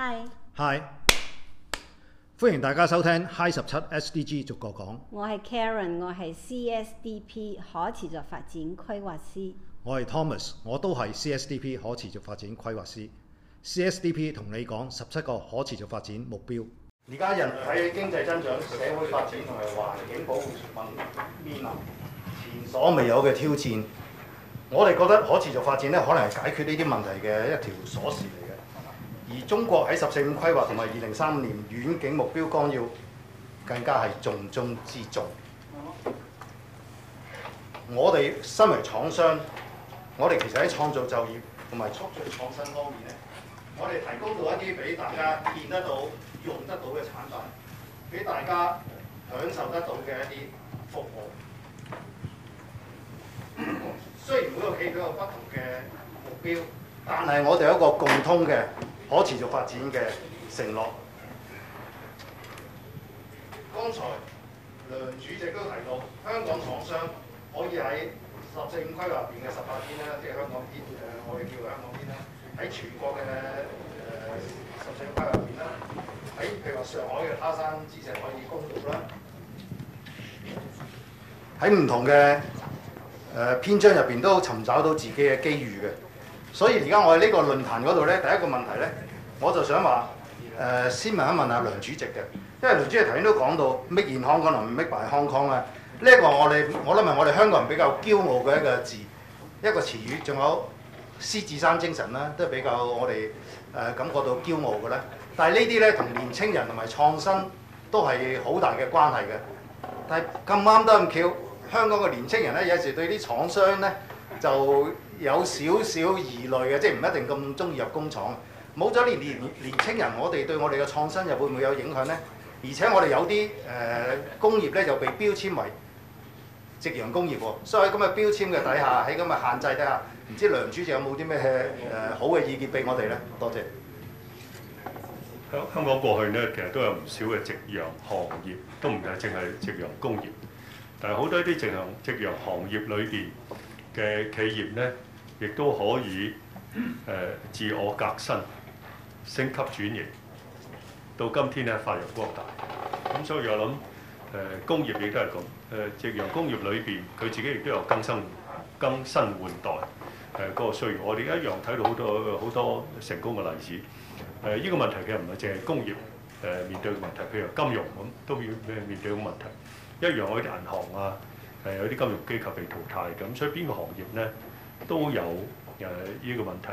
Hi. Hi，歡迎大家收聽 Hi 十七 SDG 逐個講。我係 Karen，我係 CSDP 可持續發展規劃師。我係 Thomas，我都係 CSDP 可持續發展規劃師。CSDP 同你講十七個可持續發展目標。而家人喺經濟增長、社會發展同埋環境保護面臨前所未有嘅挑戰。我哋覺得可持續發展咧，可能係解決呢啲問題嘅一條鎖匙嚟。而中國喺十四五規劃同埋二零三五年遠景目標綱要更加係重中之重。我哋身為廠商，我哋其實喺創造就業同埋促進創新方面咧，我哋提供到一啲俾大家見得到、用得到嘅產品，俾大家享受得到嘅一啲服務。雖然每個企業都有不同嘅目標，但係我哋有一個共通嘅。可持續發展嘅承諾。剛才梁主席都提到，香港廠商可以喺十四五規劃入邊嘅十八篇啦，即係香港篇，誒我哋叫香港篇啦，喺全國嘅誒十四五規劃入邊啦，喺譬如話上海嘅他山之石可以攻玉啦，喺唔同嘅誒篇章入邊都尋找到自己嘅機遇嘅。所以而家我哋呢個論壇嗰度呢，第一個問題呢，我就想話誒，先問一問阿梁主席嘅，因為梁主席頭先都講到 Make in Hong Kong，可能 Make by Hong Kong 啊？呢一個我哋，我諗係我哋香港人比較驕傲嘅一個字，一個詞語，仲有獅子山精神啦，都係比較我哋誒感覺到驕傲嘅咧。但係呢啲呢，同年青人同埋創新都係好大嘅關係嘅。但係咁啱得咁巧，香港嘅年青人呢，有時對啲廠商呢，就～有少少疑慮嘅，即係唔一定咁中意入工廠。冇咗年年年輕人，我哋對我哋嘅創新又會唔會有影響呢？而且我哋有啲誒工業呢，就被標籤為夕陽工業喎。所以喺咁嘅標籤嘅底下，喺咁嘅限制底下，唔知梁主席有冇啲咩誒好嘅意見俾我哋呢？多謝。香港過去呢，其實都有唔少嘅夕陽行業，都唔係淨係夕陽工業。但係好多啲夕陽夕陽行業裏邊嘅企業呢，亦都可以誒、呃、自我革新、升級轉型，到今天咧發揚光大。咁、嗯、所以我諗，誒、呃、工業亦都係咁誒，夕、呃、陽工業裏邊佢自己亦都有更新更新換代誒嗰、呃那個需要。我哋一樣睇到好多好多成功嘅例子。誒、呃、呢、這個問題嘅唔係淨係工業誒、呃、面對嘅問題，譬如金融咁都要咩面對嘅問題一樣。我哋銀行啊誒、呃、有啲金融機構被淘汰咁，所以邊個行業咧？都有誒呢個問題。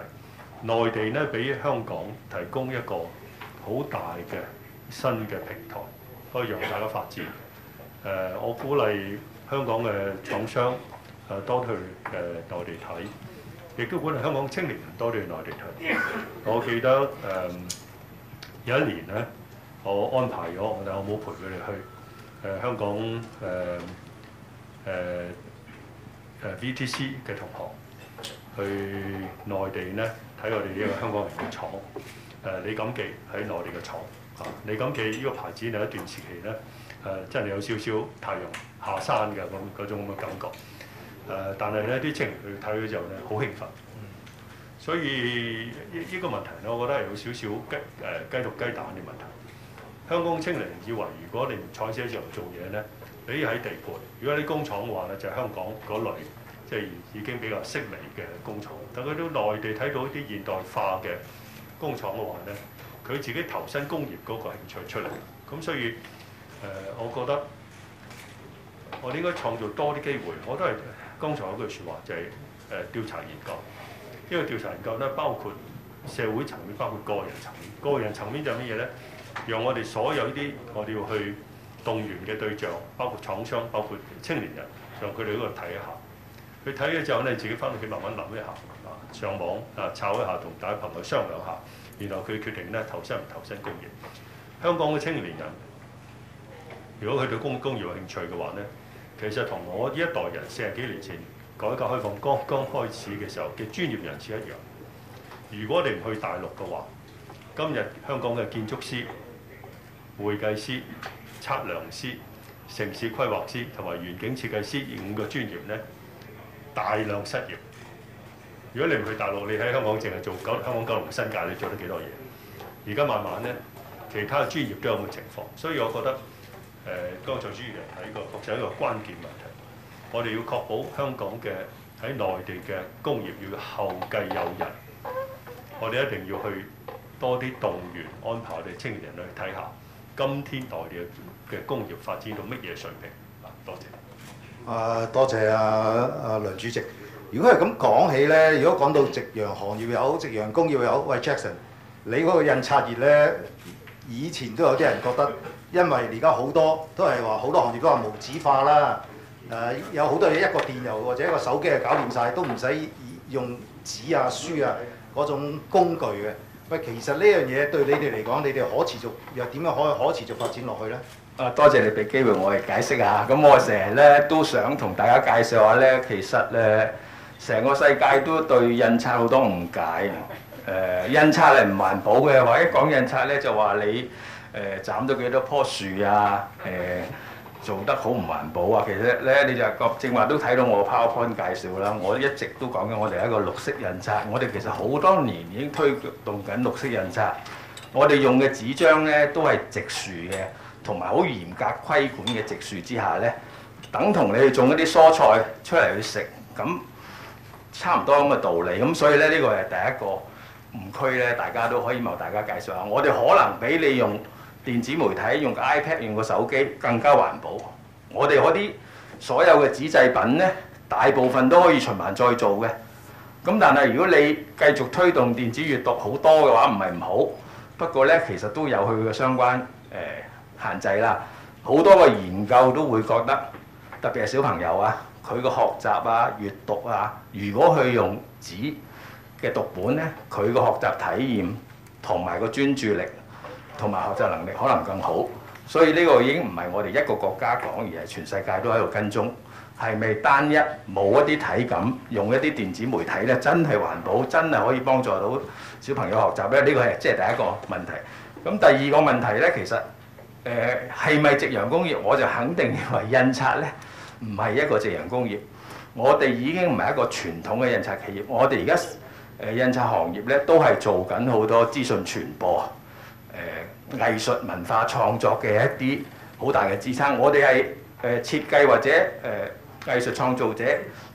內地呢，俾香港提供一個好大嘅新嘅平台，可以讓大家發展。誒、呃，我鼓勵香港嘅廠商誒、呃、多去誒內地睇，亦都鼓勵香港青年人多去內地睇。我記得誒、呃、有一年呢，我安排咗，但係我冇陪佢哋去誒、呃、香港誒誒誒 VTC 嘅同學。去內地呢，睇我哋呢個香港人嘅廠，誒、呃、李錦記喺內地嘅廠，嚇、啊、李錦記呢個牌子有一段時期呢，誒、呃、真係有少少太陽下山嘅咁嗰種咁嘅感覺，誒、呃、但係呢啲青年去睇咗之後呢，好興奮，所以呢個問題呢，我覺得係有少少雞誒、呃、雞，雞蛋雞蛋嘅問題。香港青年以為如果你唔在車上做嘢呢，你喺地盤；如果你工廠嘅話呢，就係、是、香港嗰類。即係已經比較式微嘅工廠，等佢都內地睇到一啲現代化嘅工廠嘅話咧，佢自己投身工業嗰個興趣出嚟。咁所以誒、呃，我覺得我哋應該創造多啲機會。我都係剛才有句説話就係、是、誒、呃、調查研究，因為調查研究咧包括社會層面，包括個人層面。個人層面就係乜嘢咧？讓我哋所有呢啲我哋要去動員嘅對象，包括廠商，包括青年人，讓佢哋嗰度睇下。佢睇咗之後咧，自己翻到去慢慢諗一下啊，上網啊，查一下，同大家朋友商量下，然後佢決定咧投身唔投身工業。香港嘅青年人，如果佢對工工業有興趣嘅話咧，其實同我呢一代人四十幾年前改革開放剛剛開始嘅時候嘅專業人士一樣。如果你唔去大陸嘅話，今日香港嘅建築師、會計師、測量師、城市規劃師同埋園景設計師，而五個專業咧，大量失業。如果你唔去大陸，你喺香港淨係做九香港九龍新界，你做得幾多嘢？而家慢慢呢，其他專業都有咁嘅情況，所以我覺得誒，當局專業係一個確實係一個關鍵問題。我哋要確保香港嘅喺內地嘅工業要後繼有人，我哋一定要去多啲動員安排我哋青年人去睇下，今天內地嘅工業發展到乜嘢水平？嗱，多謝。誒、呃、多謝啊，啊梁主席。如果係咁講起呢，如果講到夕陽行業有夕陽工業有，喂 Jackson，你嗰個印刷業呢，以前都有啲人覺得，因為而家好多都係話好多行業都話無紙化啦。呃、有好多嘢一個電郵或者一個手機就搞掂晒，都唔使用，用紙啊書啊嗰種工具嘅。喂，其實呢樣嘢對你哋嚟講，你哋可持續又點樣可以可持續發展落去呢？啊！多謝你俾機會我哋解釋下。咁我成日咧都想同大家介紹下咧，其實誒成個世界都對印刷好多誤解，呃、印刷係唔環保嘅，或者講印刷咧就話你誒、呃、斬咗幾多棵樹啊，呃、做得好唔環保啊！其實咧，你就正話都睇到我 PowerPoint 介紹啦。我一直都講緊我哋係一個綠色印刷，我哋其實好多年已經推動緊綠色印刷，我哋用嘅紙張咧都係植樹嘅。同埋好嚴格規管嘅植樹之下呢，等同你去種一啲蔬菜出嚟去食，咁差唔多咁嘅道理。咁所以呢，呢個係第一個誤區呢，大家都可以為大家介紹下。我哋可能比你用電子媒體、用個 iPad、用個手機更加環保。我哋嗰啲所有嘅紙製品呢，大部分都可以循環再做嘅。咁但係如果你繼續推動電子閲讀好多嘅話，唔係唔好。不過呢，其實都有佢嘅相關、呃限制啦，好多嘅研究都會覺得，特別係小朋友啊，佢嘅學習啊、閱讀啊，如果佢用紙嘅讀本咧，佢個學習體驗同埋個專注力同埋學習能力可能更好。所以呢個已經唔係我哋一個國家講，而係全世界都喺度跟蹤，係咪單一冇一啲體感，用一啲電子媒體咧，真係環保，真係可以幫助到小朋友學習咧？呢個係即係第一個問題，咁第二個問題咧，其實。誒係咪夕陽工業？我就肯定認為印刷呢唔係一個夕陽工業。我哋已經唔係一個傳統嘅印刷企業。我哋而家印刷行業呢都係做緊好多資訊傳播、誒藝術文化創作嘅一啲好大嘅支撐。我哋係誒設計或者誒藝術創造者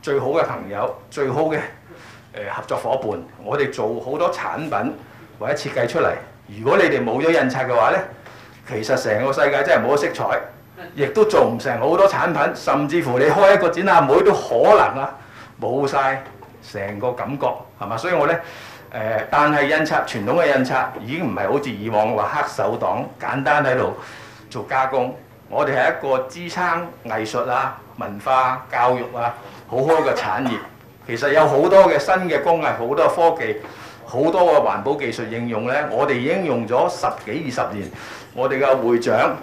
最好嘅朋友、最好嘅、呃、合作伙伴。我哋做好多產品或者設計出嚟。如果你哋冇咗印刷嘅話呢，其實成個世界真係冇色彩，亦都做唔成好多產品，甚至乎你開一個展覽會都可能啊，冇晒成個感覺，係嘛？所以我呢，呃、但係印刷傳統嘅印刷已經唔係好似以往話黑手黨簡單喺度做加工，我哋係一個支撐藝術啊、文化、啊、教育啊好好嘅產業。其實有好多嘅新嘅工藝，好多科技。好多嘅環保技術應用呢，我哋已經用咗十幾二十年。我哋嘅會長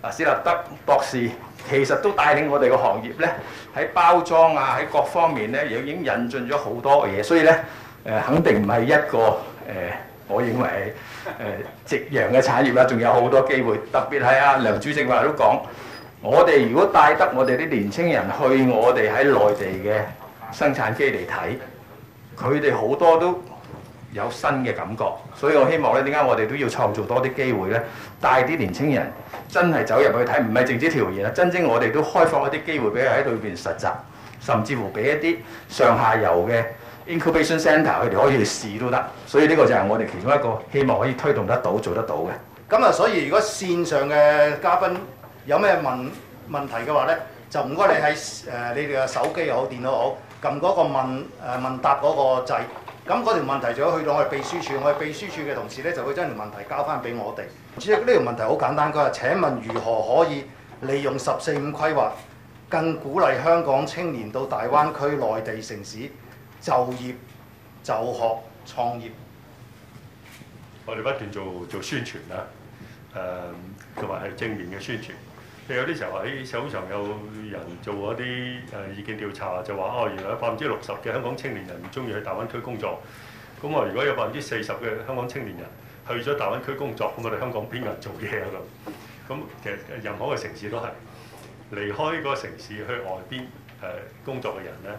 啊，史立德博士，其實都帶領我哋嘅行業呢，喺包裝啊，喺各方面呢，已經引進咗好多嘢。所以呢，呃、肯定唔係一個誒、呃，我認為夕陽嘅產業啦，仲有好多機會。特別係阿梁主席話都講，我哋如果帶得我哋啲年青人去我哋喺內地嘅生產基地嚟睇，佢哋好多都～有新嘅感覺，所以我希望咧，點解我哋都要創造多啲機會咧，帶啲年青人真係走入去睇，唔係淨止調研啦，真正我哋都開放一啲機會俾佢喺裏邊實習，甚至乎俾一啲上下游嘅 incubation centre 佢哋可以去試都得。所以呢個就係我哋其中一個希望可以推動得到、做得到嘅。咁啊，所以如果線上嘅嘉賓有咩問問題嘅話咧，就唔該你喺誒、呃、你哋嘅手機又好、電腦又好，撳嗰個問誒、呃、問答嗰個掣。咁嗰條問題就去到我哋秘書處，我哋秘書處嘅同事呢就會將條問題交翻俾我哋。只係呢條問題好簡單，佢話：請問如何可以利用十四五規劃，更鼓勵香港青年到大灣區內地城市就業、就學、創業？我哋不斷做做宣傳啦，誒同埋係正面嘅宣傳。其實有啲時候喺社會上有人做一啲誒意見調查，就話哦，原來有百分之六十嘅香港青年人唔中意去大灣區工作。咁我如果有百分之四十嘅香港青年人去咗大灣區工作，咁我哋香港邊個做嘢啊？咁咁其實任何嘅城市都係離開個城市去外邊誒工作嘅人咧，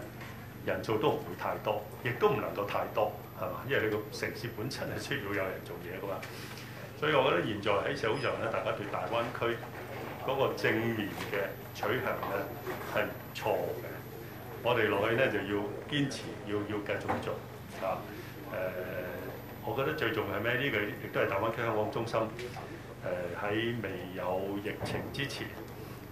人數都唔會太多，亦都唔能夠太多係嘛？因為你個城市本身係需要有人做嘢噶嘛。所以我覺得現在喺社會上咧，大家對大灣區，嗰個正面嘅取向咧係唔錯嘅，我哋落去咧就要堅持，要要繼續做吓。誒、呃，我覺得最重要係咩？呢、這個亦都係大灣區香港中心誒喺、呃、未有疫情之前，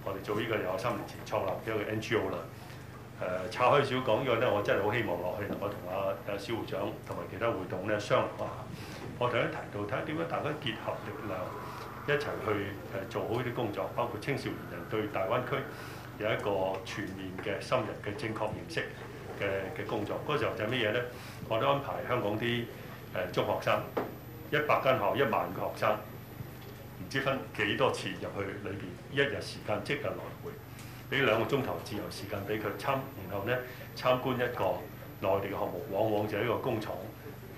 我哋做呢個又有三年前創立嘅一個 NGO 啦。誒、呃，岔開少講呢個咧，我真係好希望落去，我同阿阿肖會長同埋其他會董咧商話，我哋咧提到睇下點樣大家結合力量。一齊去誒做好呢啲工作，包括青少年人對大灣區有一個全面嘅深入嘅正確認識嘅嘅工作。嗰、那個、時候就係乜嘢呢？我都安排香港啲誒中學生，一百間學校一萬個學生，唔知分幾多次入去裏邊，一日時間即日來回，俾兩個鐘頭自由時間俾佢參，然後呢，參觀一個內地嘅項目，往往就係一個工廠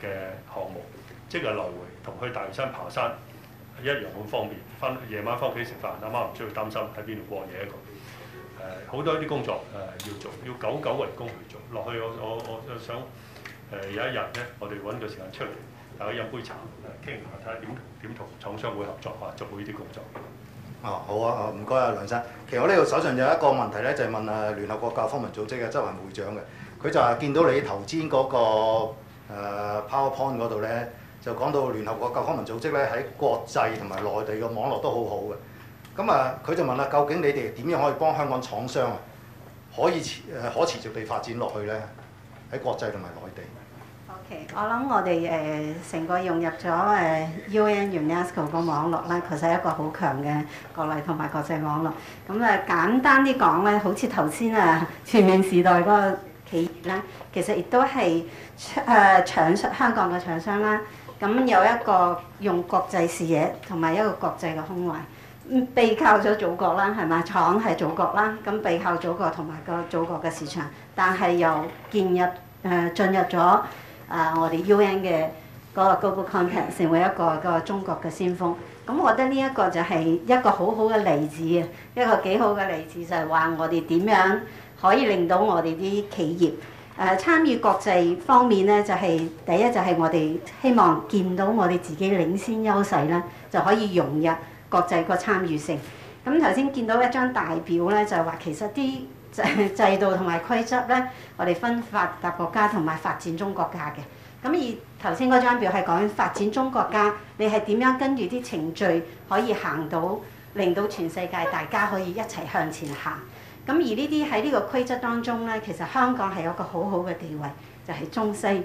嘅項目，即日來回同佢去大嶼山爬山。一樣好方便，翻夜晚翻屋企食飯，阿媽唔需要擔心喺邊度過夜一個。誒、呃，好多啲工作誒、呃、要做，要久久為功去做。落去我我我我想誒、呃、有一日咧，我哋揾個時間出嚟，大家飲杯茶，傾下睇下點點同廠商會合作嚇、啊，做好呢啲工作。哦、啊，好啊，唔該啊，啊，梁生。其實我呢度手上有一個問題咧，就係、是、問啊聯合國教科文組織嘅周文會長嘅，佢就係見到你頭先嗰個 PowerPoint 嗰度咧。呃就講到聯合國教科文組織咧，喺國際同埋內地嘅網絡都好好嘅。咁啊，佢就問啦：究竟你哋點樣可以幫香港廠商啊，可以持誒可持續地發展落去咧？喺國際同埋內地。OK，我諗我哋誒成個融入咗誒 UN UNESCO 嘅網絡咧，其實係一個好強嘅國內同埋國際網絡。咁啊、呃，簡單啲講咧，好似頭先啊，全面時代個企業咧，其實亦都係誒搶出香港嘅廠商啦。咁有一個用國際視野同埋一個國際嘅胸懷，嗯，背靠咗祖國啦，係咪？廠係祖國啦，咁背靠祖國同埋個祖國嘅市場，但係又建入誒、呃、進入咗啊、呃！我哋 U N 嘅嗰個 Global Compact 成為一個個中國嘅先鋒，咁我覺得呢一個就係一個好好嘅例子啊，一個幾好嘅例子就係話我哋點樣可以令到我哋啲企業。誒、呃、參與國際方面咧，就係、是、第一就係我哋希望見到我哋自己領先優勢啦，就可以融入國際個參與性。咁頭先見到一張大表咧，就係話其實啲制度同埋規則咧，我哋分發達國家同埋發展中國家嘅。咁、嗯、而頭先嗰張表係講發展中國家，你係點樣跟住啲程序可以行到，令到全世界大家可以一齊向前行。咁而呢啲喺呢個規則當中咧，其實香港係有個好好嘅地位，就係中西。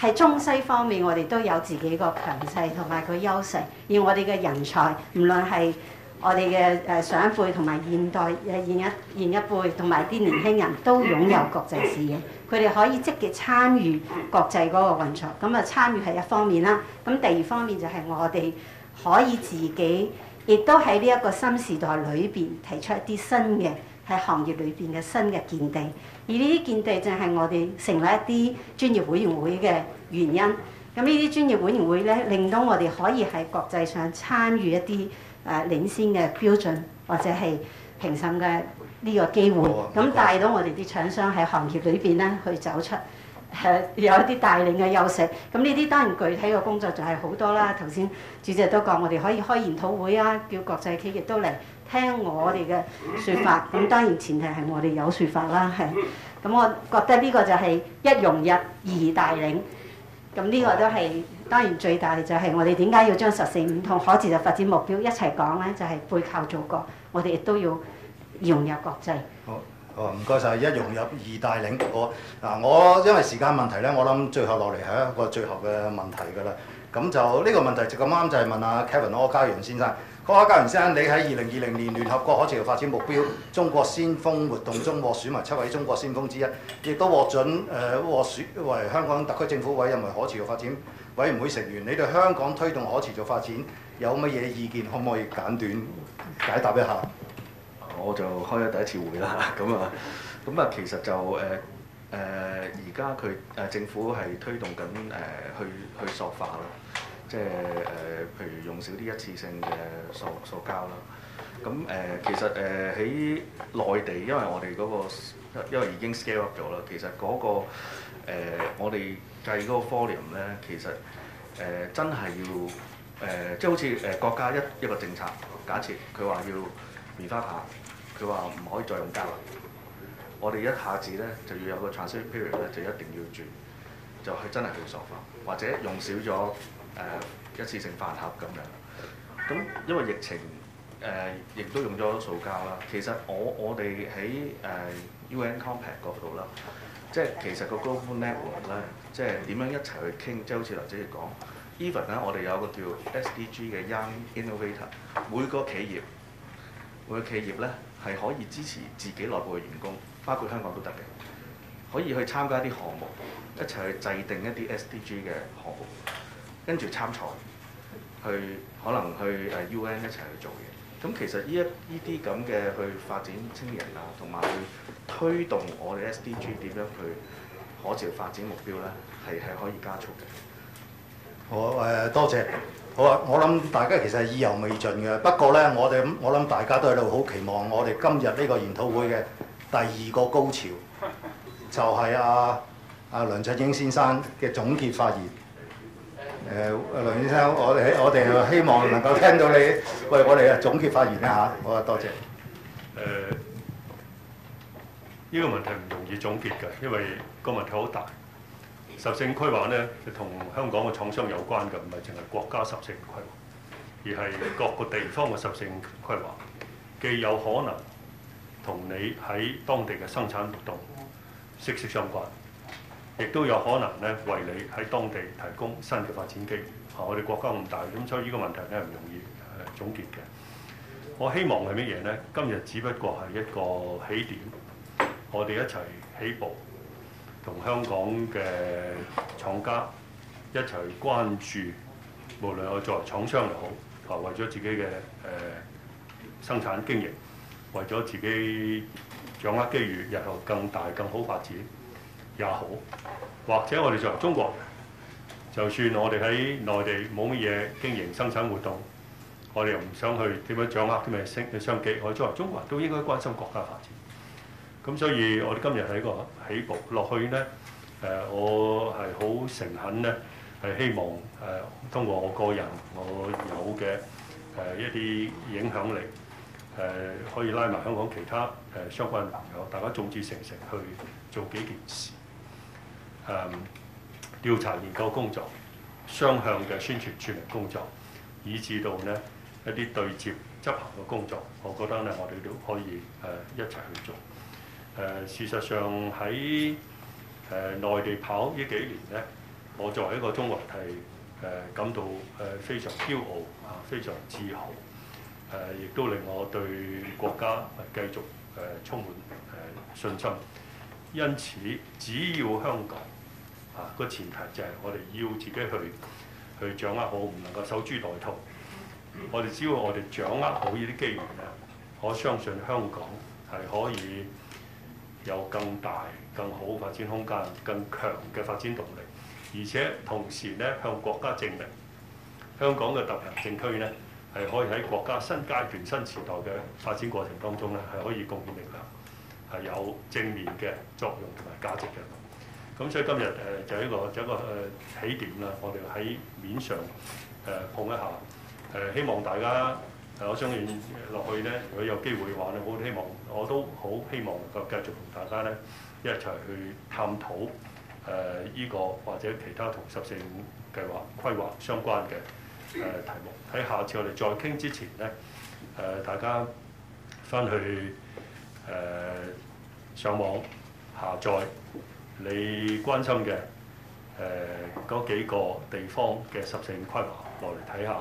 喺中西方面，我哋都有自己個強勢同埋個優勢。以我哋嘅人才，唔論係我哋嘅誒上一輩同埋現代現一現一輩同埋啲年輕人都擁有國際視野，佢哋可以積極參與國際嗰個運作。咁啊，參與係一方面啦。咁第二方面就係我哋可以自己。亦都喺呢一個新時代裏邊提出一啲新嘅喺行業裏邊嘅新嘅見地，而呢啲見地就係我哋成立一啲專業會員會嘅原因。咁呢啲專業會員會咧，令到我哋可以喺國際上參與一啲誒、啊、領先嘅標準或者係評審嘅呢個機會。咁、oh, 帶到我哋啲廠商喺行業裏邊咧去走出，有一啲帶領嘅優勢，咁呢啲當然具體嘅工作就係好多啦。頭先主席都講，我哋可以開研討會啊，叫國際企業都嚟聽我哋嘅説法。咁當然前提係我哋有説法啦。係，咁我覺得呢個就係一融入二帶領。咁呢個都係當然最大就係我哋點解要將十四五同可持續發展目標一齊講呢？就係、是、背靠祖國，我哋亦都要融入國際。好。唔該晒，一融入二大嶺我啊，我因為時間問題咧，我諗最後落嚟係一個最後嘅問題㗎啦。咁就呢、呢個問題咁啱就係問阿 Kevin 柯嘉榮先生。柯嘉榮先生，你喺二零二零年聯合國可持續發展目標中國先鋒活動中獲選為七位中國先鋒之一，亦都獲准誒、呃、獲選為香港特區政府委任為可持續發展委員會成員。你對香港推動可持續發展有乜嘢意見？可唔可以簡短解答一下？我就開咗第一次會啦、 嗯，咁啊，咁啊，其實就誒誒，而家佢誒政府係推動緊誒、呃、去去塑化咯，即係誒、呃，譬如用少啲一,一次性嘅塑塑膠啦。咁誒、嗯呃，其實誒喺、呃呃、內地，因為我哋嗰、嗰個因為已經 scale up 咗啦，其實嗰、嗰個、呃、我哋計嗰個 volume 咧，其實誒、呃、真係要誒、呃，即係好似誒國家一一個政策，假設佢話要。棉花棒，佢話唔可以再用膠啦。我哋一下子咧就要有個 transition period 咧，就一定要轉，就係真係去塑化，或者用少咗誒一次性飯盒咁樣。咁因為疫情誒、呃，亦都用咗塑膠啦。其實我我哋喺誒 UN Compact 嗰度啦，即係其實個 global network 咧，即係點樣一齊去傾，即係好似梁主席你講，even 咧我哋有個叫 SDG 嘅 young innovator，每個企業。我嘅企業咧係可以支持自己內部嘅員工，包括香港都得嘅，可以去參加一啲項目，一齊去制定一啲 SDG 嘅項目，跟住參賽，去可能去誒 UN 一齊去做嘢。咁其實呢一呢啲咁嘅去發展青年人啊，同埋去推動我哋 SDG 點樣去可持續發展目標咧，係係可以加速嘅。好，誒、啊、多謝。好啊！我諗大家其實意猶未盡嘅，不過呢，我哋我諗大家都喺度好期望我哋今日呢個研討會嘅第二個高潮，就係阿阿梁卓英先生嘅總結發言、呃。梁先生，我哋我哋希望能夠聽到你，喂，我哋啊總結發言一下，好啊，多謝。呢、呃呢個問題唔容易總結㗎，因為個問題好大。十徵規劃呢，就同香港嘅廠商有關嘅，唔係淨係國家十徵規劃，而係各個地方嘅十徵規劃，既有可能同你喺當地嘅生產活動息息相關，亦都有可能呢，為你喺當地提供新嘅發展機遇。啊，我哋國家咁大，咁所以呢個問題呢，唔容易總結嘅。我希望係乜嘢呢？今日只不過係一個起點，我哋一齊起，起步。同香港嘅廠家一齊關注，無論我作為廠商又好，啊為咗自己嘅誒、呃、生產經營，為咗自己掌握機遇，日後更大更好發展也好，或者我哋作為中國人，就算我哋喺內地冇乜嘢經營生產活動，我哋又唔想去點樣掌握啲咩新嘅商機，我哋作為中國人都應該關心國家發展。咁所以，我哋今日喺一個起步落去呢，誒、呃，我係好誠懇呢，係希望誒、呃、通過我個人我有嘅誒、呃、一啲影響力誒、呃，可以拉埋香港其他誒、呃、相關朋友，大家眾志成城去做幾件事。誒、呃、調查研究工作、雙向嘅宣傳處理工作，以至到呢一啲對接執行嘅工作，我覺得呢，我哋都可以誒、呃、一齊去做。誒、事實上喺誒內地跑呢幾年咧，我作為一個中國人係誒感到誒非常驕傲啊，非常自豪誒，亦都令我對國家繼續誒充滿誒信心。因此，只要香港啊，個前提就係我哋要自己去去掌握好，唔能夠守株待兔。我哋只要我哋掌握好呢啲機緣咧，我相信香港係可以有更大、更好發展空間，更強嘅發展動力，而且同時咧向國家證明，香港嘅特別行政區咧係可以喺國家新階段、新時代嘅發展過程當中咧係可以貢獻力量，係有正面嘅作用同埋價值嘅。咁所以今日誒就一個就係一個誒起點啦，我哋喺面上誒碰一下，誒希望大家。係，我相信落去咧，如果有機會嘅話咧，我好希望，我都好希望能夠繼續同大家咧一齊去探討誒呢個或者其他同十四五計劃規劃相關嘅誒、呃、題目。喺下次我哋再傾之前咧，誒、呃、大家翻去誒、呃、上網下載你關心嘅誒嗰幾個地方嘅十四五規劃落嚟睇下。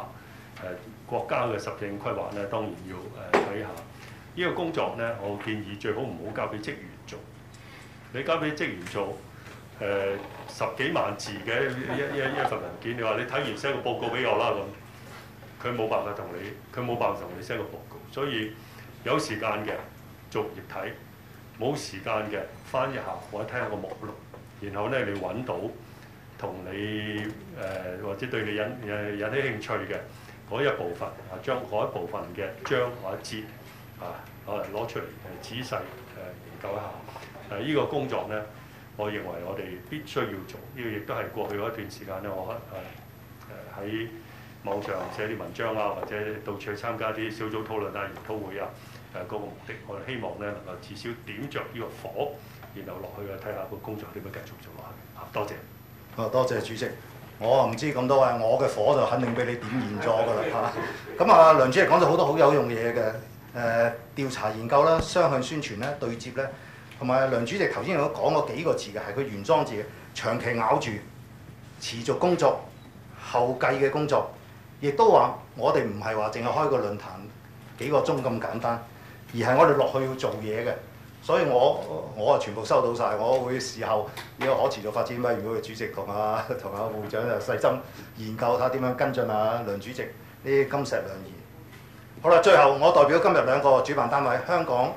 誒國家嘅實證規劃咧，當然要誒睇下呢、這個工作咧。我建議最好唔好交俾職員做。你交俾職員做誒、呃、十幾萬字嘅一一 一份文件，你話你睇完寫個報告俾我啦，咁，佢冇辦法同你，佢冇辦法同你寫個報告。所以有時間嘅逐頁睇，冇時間嘅翻一下我睇下個目錄，然後咧你揾到同你誒、呃、或者對你引誒有啲興趣嘅。嗰一部分啊，將嗰一部分嘅章或者節啊，攞出嚟誒仔細誒研究一下。誒、啊、呢、這個工作咧，我認為我哋必須要做。呢、這個亦都係過去嗰一段時間咧，我誒誒喺網上寫啲文章啊，或者到處去參加啲小組討論啊、研討會啊誒嗰、這個目的，我哋希望咧能夠至少點着呢個火，然後落去啊睇下個工作點樣繼續做落去。啊，多謝。啊，多謝主席。我啊唔知咁多啊，我嘅火就肯定俾你點燃咗㗎啦吓，咁啊、嗯，梁主席講咗好多好有用嘢嘅，誒、呃、調查研究啦、雙向宣傳咧、對接咧，同埋梁主席頭先所講嗰幾個字嘅係佢原裝字，長期咬住、持續工作、後繼嘅工作，亦都話我哋唔係話淨係開個論壇幾個鐘咁簡單，而係我哋落去要做嘢嘅。所以我我啊全部收到晒。我會事後，後要可持續發展委員會嘅主席同啊同阿會長就細心研究下點樣跟進啊梁主席啲金石良言。好啦，最後我代表今日兩個主辦單位香港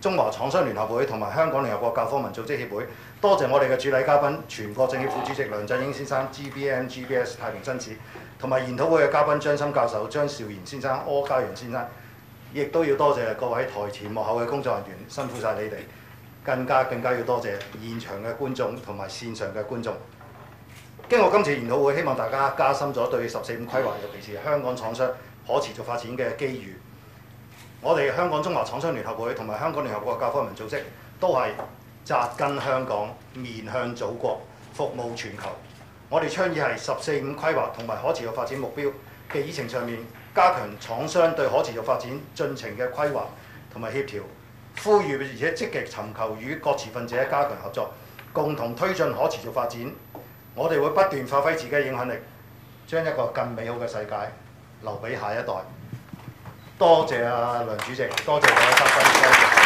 中華廠商聯合會同埋香港聯合國教科文組織協會，多謝我哋嘅主禮嘉賓，全國政協副主席梁振英先生 N, G B M G B S 太平紳士，同埋研討會嘅嘉賓張森教授、張兆賢先生、柯嘉揚先生。亦都要多謝各位台前幕後嘅工作人員辛苦晒你哋，更加更加要多謝現場嘅觀眾同埋線上嘅觀眾。經過今次研討會，希望大家加深咗對十四五規劃，尤其是香港廠商可持續發展嘅機遇。我哋香港中華廠商聯合會同埋香港聯合國教科文組織都係扎根香港，面向祖國，服務全球。我哋倡議係十四五規劃同埋可持續發展目標嘅議程上面。加強廠商對可持續發展進程嘅規劃同埋協調，呼籲而且積極尋求與各持份者加強合作，共同推進可持續發展。我哋會不斷發揮自己嘅影響力，將一個更美好嘅世界留俾下一代。多謝啊，梁主席，多謝各位嘉賓嘅支持。